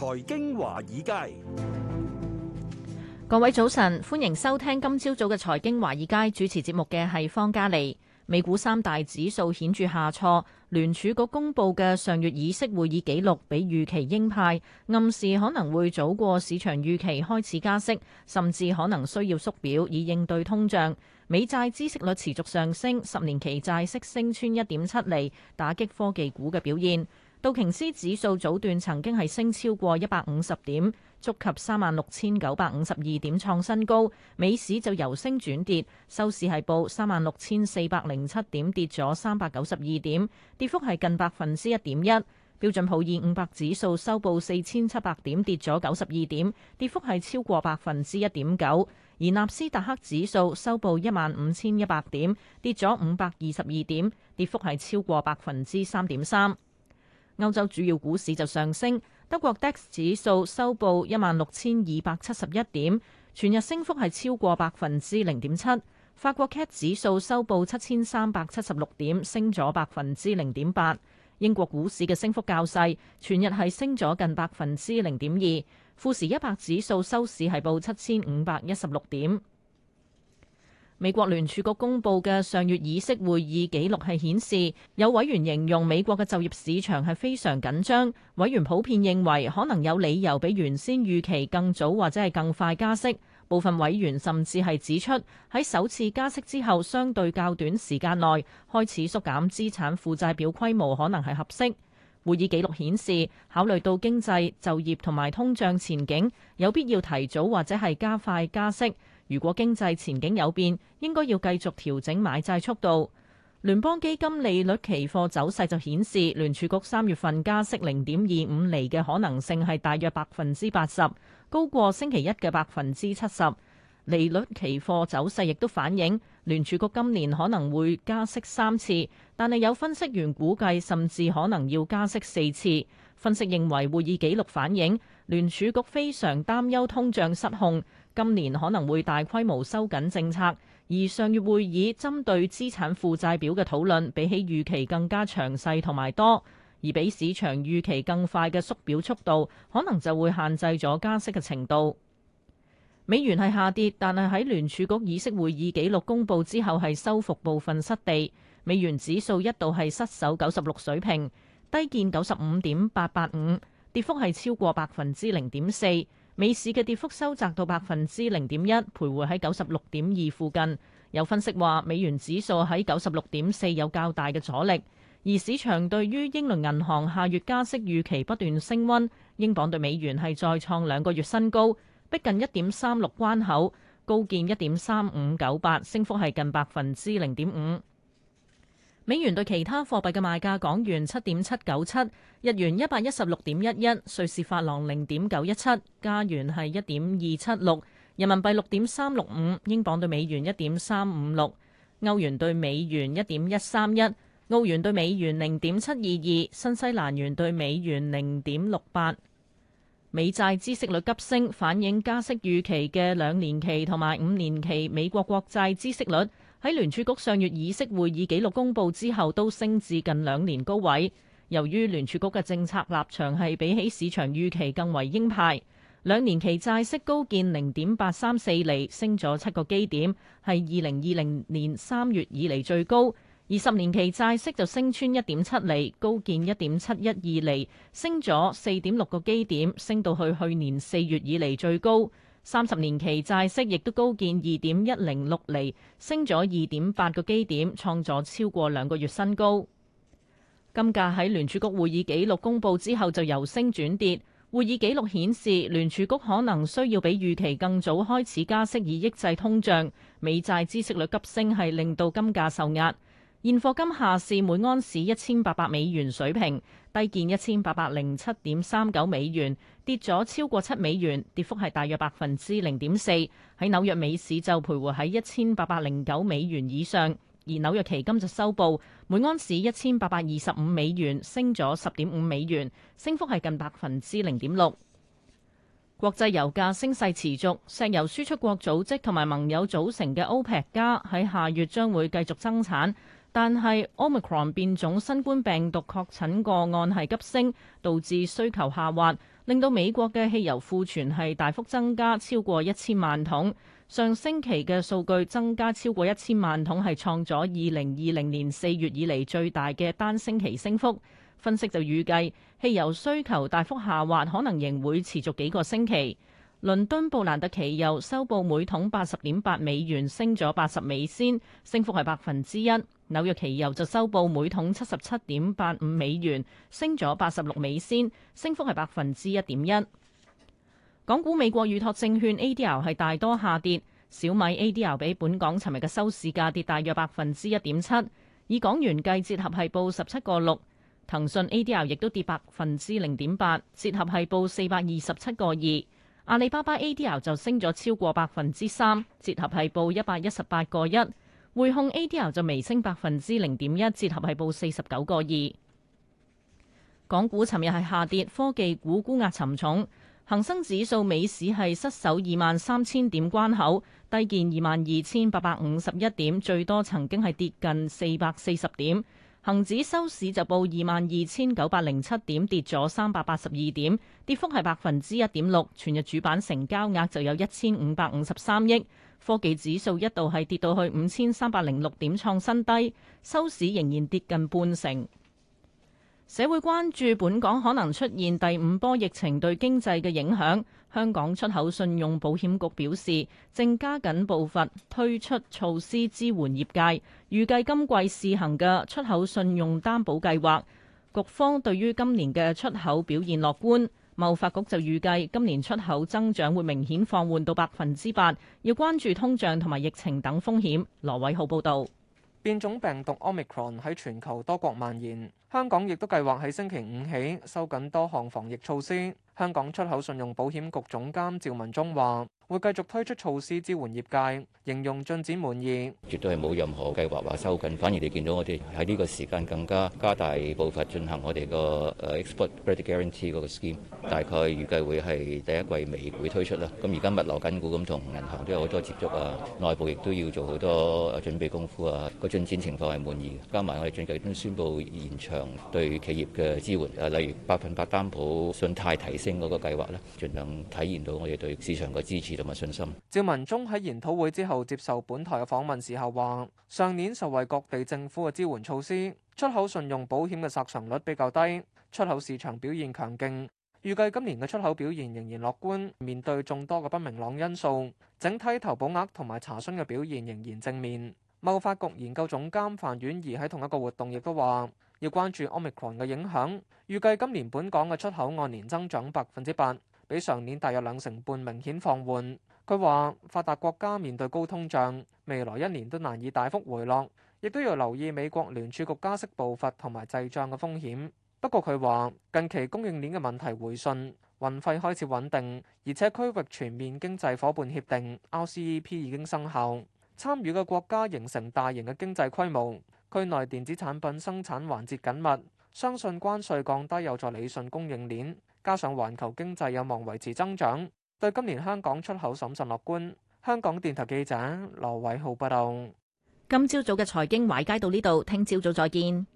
財經華爾街，各位早晨，歡迎收聽今朝早嘅財經華爾街主持節目嘅係方嘉利。美股三大指數顯著下挫，聯儲局公布嘅上月議息會議記錄比預期鷹派，暗示可能會早過市場預期開始加息，甚至可能需要縮表以應對通脹。美債孳息率持續上升，十年期債息升穿一點七厘，打擊科技股嘅表現。道瓊斯指數早段曾經係升超過一百五十點，觸及三萬六千九百五十二點，創新高。美市就由升轉跌，收市係報三萬六千四百零七點，跌咗三百九十二點，跌幅係近百分之一點一。標準普爾五百指數收報四千七百點，跌咗九十二點，跌幅係超過百分之一點九。而納斯達克指數收報一萬五千一百點，跌咗五百二十二點，跌幅係超過百分之三點三。歐洲主要股市就上升，德國 DAX 指數收報一萬六千二百七十一點，全日升幅係超過百分之零點七。法國 CAC 指數收報七千三百七十六點，升咗百分之零點八。英國股市嘅升幅較細，全日係升咗近百分之零點二。富時一百指數收市係報七千五百一十六點。美國聯儲局公佈嘅上月議息會議記錄係顯示，有委員形容美國嘅就業市場係非常緊張。委員普遍認為可能有理由比原先預期更早或者係更快加息。部分委員甚至係指出，喺首次加息之後，相對較短時間內開始縮減資產負債表規模可能係合適。會議記錄顯示，考慮到經濟、就業同埋通脹前景，有必要提早或者係加快加息。如果經濟前景有變，應該要繼續調整買債速度。聯邦基金利率期貨走勢就顯示，聯儲局三月份加息零點二五厘嘅可能性係大約百分之八十，高過星期一嘅百分之七十。利率期貨走勢亦都反映，聯儲局今年可能會加息三次，但係有分析員估計甚至可能要加息四次。分析認為會議紀錄反映，聯儲局非常擔憂通脹失控。今年可能會大規模收緊政策，而上月會議針對資產負債表嘅討論，比起預期更加詳細同埋多，而比市場預期更快嘅縮表速度，可能就會限制咗加息嘅程度。美元係下跌，但係喺聯儲局議息會議紀錄公佈之後，係收復部分失地。美元指數一度係失守九十六水平，低見九十五點八八五，跌幅係超過百分之零點四。美市嘅跌幅收窄到百分之零點一，徘徊喺九十六點二附近。有分析話，美元指數喺九十六點四有較大嘅阻力。而市場對於英倫銀行下月加息預期不斷升溫，英鎊對美元係再創兩個月新高，逼近一點三六關口，高見一點三五九八，升幅係近百分之零點五。美元對其他貨幣嘅賣價：港元七點七九七，日元一百一十六點一一，瑞士法郎零點九一七，加元係一點二七六，人民幣六點三六五，英鎊對美元一點三五六，歐元對美元一點一三一，澳元對美元零點七二二，新西蘭元對美元零點六八。美債孳息率急升，反映加息預期嘅兩年期同埋五年期美國國債孳息率。喺聯儲局上月議息會議紀錄公佈之後，都升至近兩年高位。由於聯儲局嘅政策立場係比起市場預期更為鷹派，兩年期債息高見零點八三四厘，升咗七個基點，係二零二零年三月以嚟最高。而十年期債息就升穿一點七厘，高見一點七一二厘，升咗四點六個基點，升到去去年四月以嚟最高。三十年期債息亦都高見二點一零六厘，升咗二點八個基點，創咗超過兩個月新高。金價喺聯儲局會議記錄公佈之後就由升轉跌。會議記錄顯示聯儲局可能需要比預期更早開始加息以抑制通脹。美債孳息率急升係令到金價受壓。現貨金下市每安士一千八百美元水平，低見一千八百零七點三九美元。跌咗超過七美元，跌幅係大約百分之零點四。喺紐約美市就徘徊喺一千八百零九美元以上，而紐約期金就收報每盎司一千八百二十五美元，升咗十點五美元，升幅係近百分之零點六。國際油價升勢持續，石油輸出國組織同埋盟友組成嘅 OPEC 加喺下月將會繼續增產，但係 Omicron 變種新冠病毒確診個案係急升，導致需求下滑。令到美國嘅汽油庫存係大幅增加超過一千萬桶，上星期嘅數據增加超過一千萬桶係創咗二零二零年四月以嚟最大嘅單星期升幅。分析就預計，汽油需求大幅下滑，可能仍會持續幾個星期。倫敦布蘭特期油收報每桶八十點八美元，升咗八十美仙，升幅係百分之一。紐約期油就收報每桶七十七點八五美元，升咗八十六美仙，升幅係百分之一點一。港股美國預託證券 A D R 係大多下跌，小米 A D R 比本港尋日嘅收市價跌大約百分之一點七，以港元計，折合係報十七個六。騰訊 A D R 亦都跌百分之零點八，折合係報四百二十七個二。阿里巴巴 ADR 就升咗超過百分之三，折合係報一百一十八個一。匯控 ADR 就微升百分之零點一，折合係報四十九個二。港股尋日係下跌，科技股沽壓沉重。恒生指數，尾市係失守二萬三千點關口，低見二萬二千八百五十一點，最多曾經係跌近四百四十點。恒指收市就報二萬二千九百零七點，跌咗三百八十二點，跌幅係百分之一點六。全日主板成交額就有一千五百五十三億。科技指數一度係跌到去五千三百零六點，創新低，收市仍然跌近半成。社會關注本港可能出現第五波疫情對經濟嘅影響。香港出口信用保險局表示，正加緊步伐推出措施支援業界，預計今季試行嘅出口信用擔保計劃。局方對於今年嘅出口表現樂觀。貿發局就預計今年出口增長會明顯放緩到百分之八，要關注通脹同埋疫情等風險。羅偉浩報導。變種病毒 Omicron 喺全球多國蔓延，香港亦都計劃喺星期五起收緊多項防疫措施。香港出口信用保險局總監趙文忠話會繼續推出措施支援業界，形容進展滿意。絕對係冇任何計劃話收緊，反而你見到我哋喺呢個時間更加加大步伐進行我哋個誒 export credit guarantee 嗰個 scheme。大概預計會係第一季尾會推出啦。咁而家物流緊固咁同銀行都有好多接觸啊，內部亦都要做好多準備功夫啊。個進展情況係滿意嘅，加埋我哋最近都宣布延長對企業嘅支援，啊例如百分百擔保信貸提升。整個計劃咧，盡量體現到我哋對市場嘅支持同埋信心。趙文忠喺研討會之後接受本台嘅訪問時候話：上年受惠各地政府嘅支援措施，出口信用保險嘅索償率比較低，出口市場表現強勁，預計今年嘅出口表現仍然樂觀。面對眾多嘅不明朗因素，整體投保額同埋查詢嘅表現仍然正面。貿發局研究總監范婉怡喺同一個活動亦都話。要關注 Omicron 嘅影響，預計今年本港嘅出口按年增長百分之八，比上年大約兩成半明顯放緩。佢話：發達國家面對高通脹，未來一年都難以大幅回落，亦都要留意美國聯儲局加息步伐同埋滯脹嘅風險。不過佢話近期供應鏈嘅問題回順，運費開始穩定，而且區域全面經濟伙伴協定 （RCEP） 已經生效，參與嘅國家形成大型嘅經濟規模。區內電子產品生產環節緊密，相信關稅降低有助理順供應鏈，加上環球經濟有望維持增長，對今年香港出口審慎樂觀。香港電台記者羅偉浩報道。今朝早嘅財經華爾街到呢度，聽朝早再見。